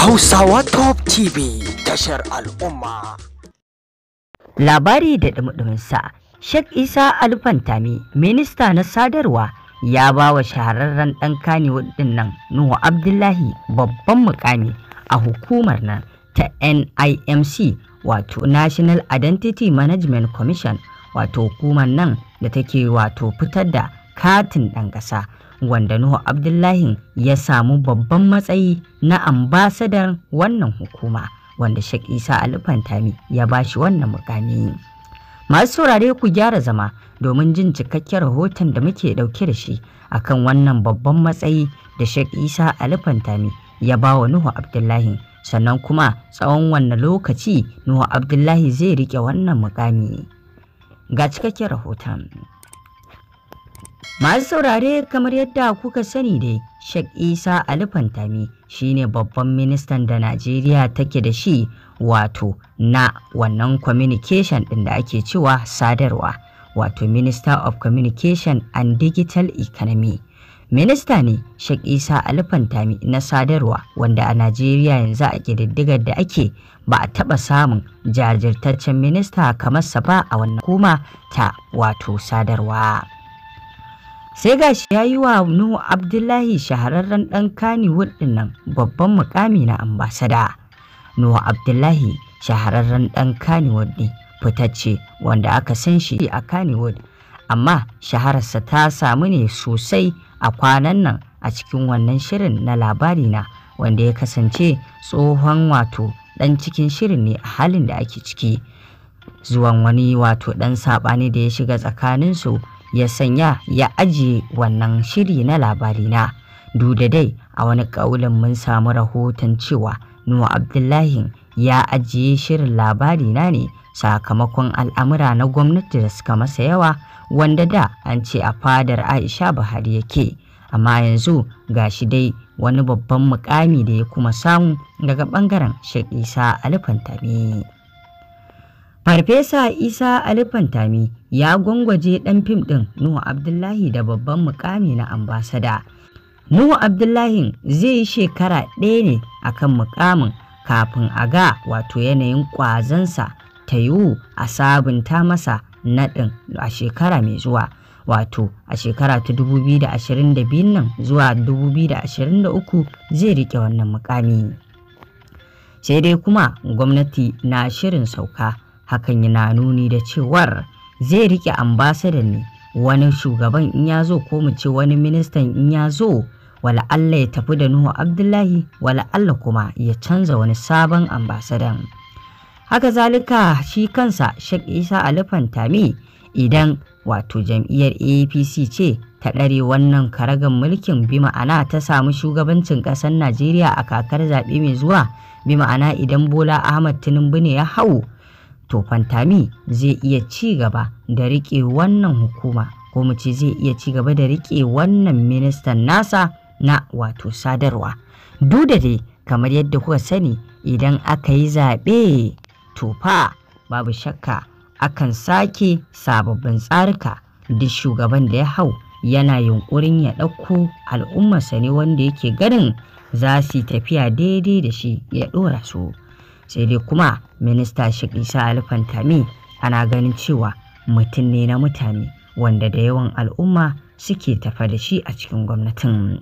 Hausawa Top TV tashar al'umma. Labari da ɗumɗuminsa, Sheikh Isa Alfantami, minista na sadarwa, ya ba wa shahararren ɗan Kaniwood nan Nuhu Abdullahi babban mukami a hukumar nan ta NIMC wato National Identity Management Commission wato hukumar nan da take wato fitar da katin ɗan ƙasa. wanda Nuhu Abdullahi ya samu babban matsayi na ambasadar wannan hukuma wanda Sheikh Isa Alfantami ya shi wannan mukami. Masu saurare ku gyara zama domin jin cikakken rahoton da muke dauke da shi akan wannan babban matsayi da Sheikh Isa Alfantami ya wa Nuhu Abdullahi sannan kuma tsawon wannan lokaci Nuhu Abdullahi zai rike wannan mukami. Ga cikakken rahoton. Masu saurare kamar yadda kuka sani dai, Sheikh Isa Ali Fantami ne babban ministan da Najeriya take da shi wato na wannan communication ɗin da ake cewa sadarwa, wato Minister of Communication and Digital Economy. Minista ne Sheikh Isa Ali Fantami na sadarwa wanda a Najeriya yanzu a ƙididdigar da ake ba a taɓa samun jajirtaccen minista kamar ba a wannan kuma ta wato sadarwa. sai gashi ya yi wa nuhu abdullahi shahararren ɗan kaniwood ɗinnan babban mukami na ambasada nuhu abdullahi shahararren ɗan kani ne fitacce wanda aka san shi a kaniwood amma shahararsa ta samu ne sosai a kwanan nan a cikin wannan shirin na labari na wanda ya kasance tsohon wato ɗan cikin shirin ne a halin da ake ciki zuwan wani wato ɗan saɓani da ya shiga tsakaninsu ya sanya ya ajiye wannan shiri na labarina duda dai a wani ƙaulin mun samu rahoton cewa nuwa abdullahi ya ajiye shirin labarina ne sakamakon al'amura na gwamnati da suka masa yawa wanda da an ce a fadar aisha buhari yake amma yanzu ga shi dai wani babban mukami da ya kuma samu daga bangaren shekisa isa alifantami Farfesa Isa Ali Fantami ya gwangwaje ɗan fim ɗin Nuhu Abdullahi da babban mukami na ambasada. Nuhu Abdullahi zai yi shekara ɗaya ne a kan mukamin kafin a ga wato yanayin ƙwazansa ta yiwu a sabunta masa naɗin a shekara mai zuwa. Wato a shekara ta 2022 nan zuwa 2023 zai riƙe wannan mukami. Sai dai kuma gwamnati na shirin sauka. hakan yana nuni da cewar zai rike ambasadan ne wani shugaban in ya zo ko mu ce wani ministan in ya zo wala Allah ya tafi da Nuhu Abdullahi wala Allah kuma ya canza wani sabon ambasadan haka zalika shi kansa Sheikh Isa Alifan Tami idan wato jam'iyyar APC ce ta ɗare wannan karagan mulkin bi ma'ana ta samu shugabancin ƙasar Najeriya a kakar zaɓe mai zuwa bi ma'ana idan Bola Ahmad Tinubu ne ya hau to Fantami zai iya ci gaba da riƙe wannan hukuma ko mu ce zai iya ci gaba da riƙe wannan ministan nasa na wato sadarwa. Duk da dai kamar yadda kuka sani idan aka yi zaɓe to fa babu shakka akan sake sababbin tsarika duk shugaban da ya hau yana yunkurin ya ɗauko al'ummarsa ne wanda yake ganin za su tafiya daidai da shi ya ɗora su sai dai kuma minista Sheikh Isa Alfantami ana ganin cewa mutum ne na mutane wanda da yawan al'umma suke tafa da shi a cikin gwamnatin.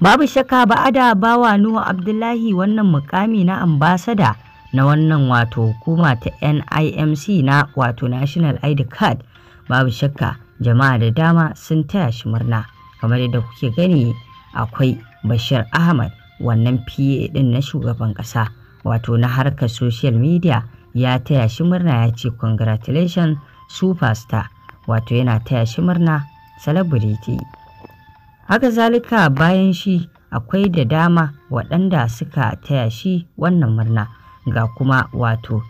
Babu shakka ba ada bawa Nuhu Abdullahi wannan mukami na ambasada na wannan wato hukuma ta NIMC na wato National ID Card babu shakka jama'a da dama sun taya shi murna kamar yadda kuke gani akwai Bashir Ahmad wannan PA din na shugaban ƙasa. wato na harkar social media ya taya shi murna ya ce congratulation superstar wato yana taya shi murna celebrity haka zalika bayan shi akwai da dama waɗanda suka taya shi wannan murna ga kuma wato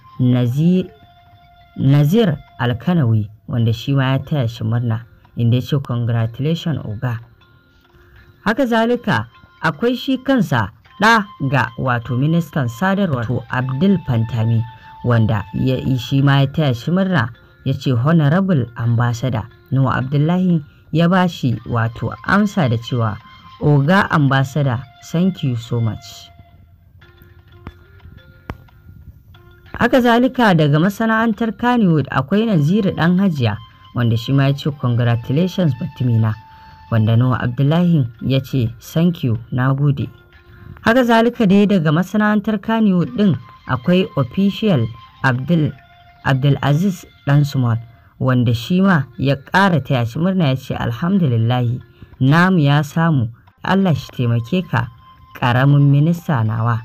nazir, alkanawi wanda shi ma ya taya shi murna inda ya ce congratulation oga haka zalika akwai shi kansa Da ga wato ministan sadarwa to abdul fantami wanda ya shi ma ya taya shi murna ya ce honorable ambassador nuwa abdullahi ya ba shi wato amsa da cewa oga ambassador thank you so much haka zalika daga masana'antar kannywood akwai naziru dan hajiya wanda shi ma ya ce congratulations batimina wanda nuwa abdullahi ya ce thank you na gode haka zalika dai daga masana'antar kaniwood din akwai official abdul abdulaziz Small, wanda shi ma ya ƙara ta yashi murna ya ce alhamdulillahi namu ya samu allah shi taimake ka ƙaramin minista nawa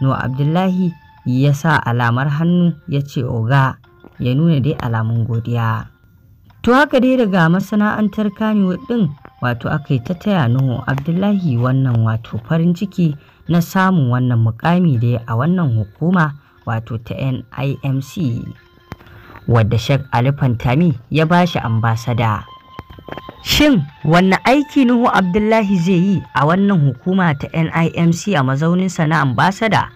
no abdullahi ya sa alamar hannu ya ce oga ya nuna dai alamun godiya to haka dai daga masana'antar kaniwood din wato aka ta taya Nuhu Abdullahi wannan wato farin ciki na samun wannan mukami da ya a wannan hukuma wato ta NIMC wadda Sheikh Ali Fantami ya bashi ambasada. Shin wanne aiki Nuhu Abdullahi zai yi a wannan hukuma ta NIMC a mazauninsa na ambasada?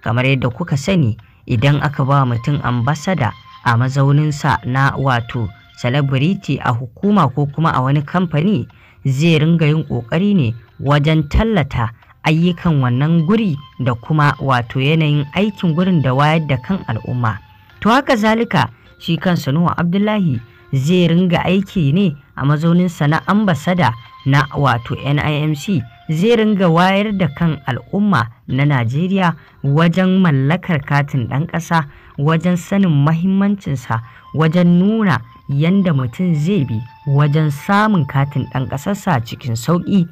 Kamar yadda kuka sani idan aka ba mutum ambasada a mazauninsa na wato celebrity a hukuma ko kuma a wani kamfani zai ringa yin ƙoƙari ne wajen tallata ayyukan wannan guri da kuma wato yanayin aikin gurin da wayar da kan al'umma to haka zalika shi kansa sanuwa abdullahi zai ringa aiki ne a mazauninsa na ambasada na wato nimc zai ringa wayar da kan al'umma na najeriya wajen mallakar katin ɗan ƙasa wajen sanin mahimmancinsa wajen nuna yadda mutum zai bi wajen samun katin ɗan ƙasarsa cikin sauƙi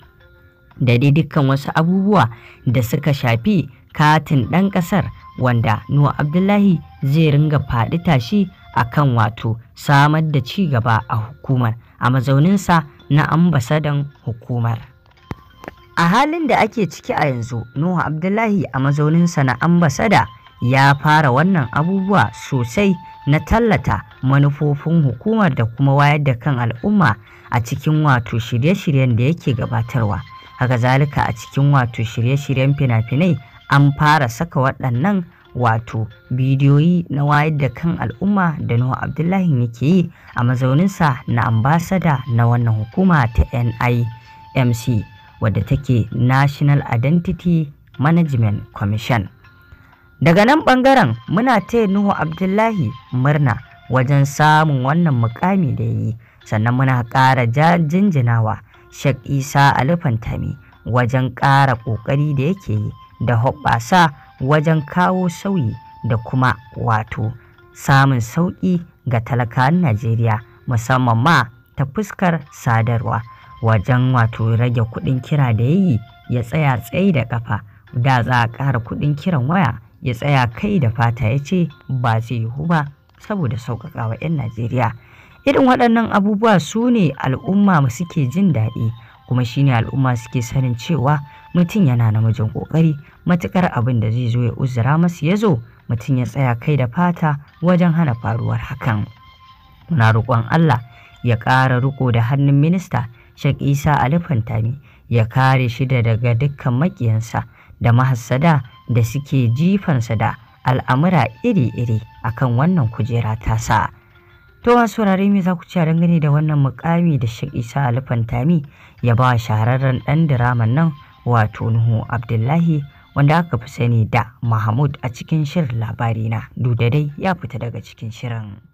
da dai dukkan wasu abubuwa da suka shafi katin ɗan ƙasar wanda Nuwa Abdullahi zai ringa faɗi tashi a kan wato samar da ci gaba a hukumar a mazauninsa na ambasadan hukumar. a halin da ake ciki a yanzu nuhu abdullahi a mazauninsa na ambasada ya fara wannan abubuwa sosai na tallata manufofin hukumar da kuma wayar da kan al'umma a cikin wato shirye-shiryen da yake gabatarwa haka zalika a cikin wato shirye-shiryen fina-finai an fara saka waɗannan wato bidiyoyi na wayar da kan al'umma da Nuhu Abdullahi yake yi a mazauninsa na ambasada na wannan hukuma ta NIMC. wadda take National Identity Management Commission. Daga nan ɓangaren muna taya Nuhu Abdullahi murna wajen samun wannan mukami da yi sannan muna ƙara jinjinawa Sheikh Isa Alifantami wajen ƙara ƙoƙari da yake yi da hoɓɓasa wajen kawo sauyi da kuma wato samun sauƙi ga talakan Najeriya musamman ma ta fuskar sadarwa. wajen wato rage kuɗin kira da ya yi ya tsaya tsayi da ƙafa da za a ƙara kuɗin kiran waya ya tsaya kai da fata ya ce ba zai yi ba saboda sauƙaƙa wa 'yan Najeriya. Irin waɗannan abubuwa su ne al'umma suke jin daɗi kuma shi ne al'umma suke sanin cewa mutum yana namijin ƙoƙari matuƙar abin da zai zo ya uzura masu ya zo mutum ya tsaya kai da fata wajen hana faruwar hakan. Muna roƙon Allah ya ƙara riko da hannun minista Sheikh Isa Ali Fantami ya kare shi daga dukkan makiyansa da mahassada da suke jifansa da al'amura iri-iri akan wannan kujera tasa. To masu saurari me za ku ci a dangane da wannan mukami da Sheikh Isa Ali Fantami ya ba shahararren ɗan diraman nan wato Nuhu Abdullahi wanda aka fi sani da Mahmud a cikin shirin labari na dudadai ya fita daga cikin shirin.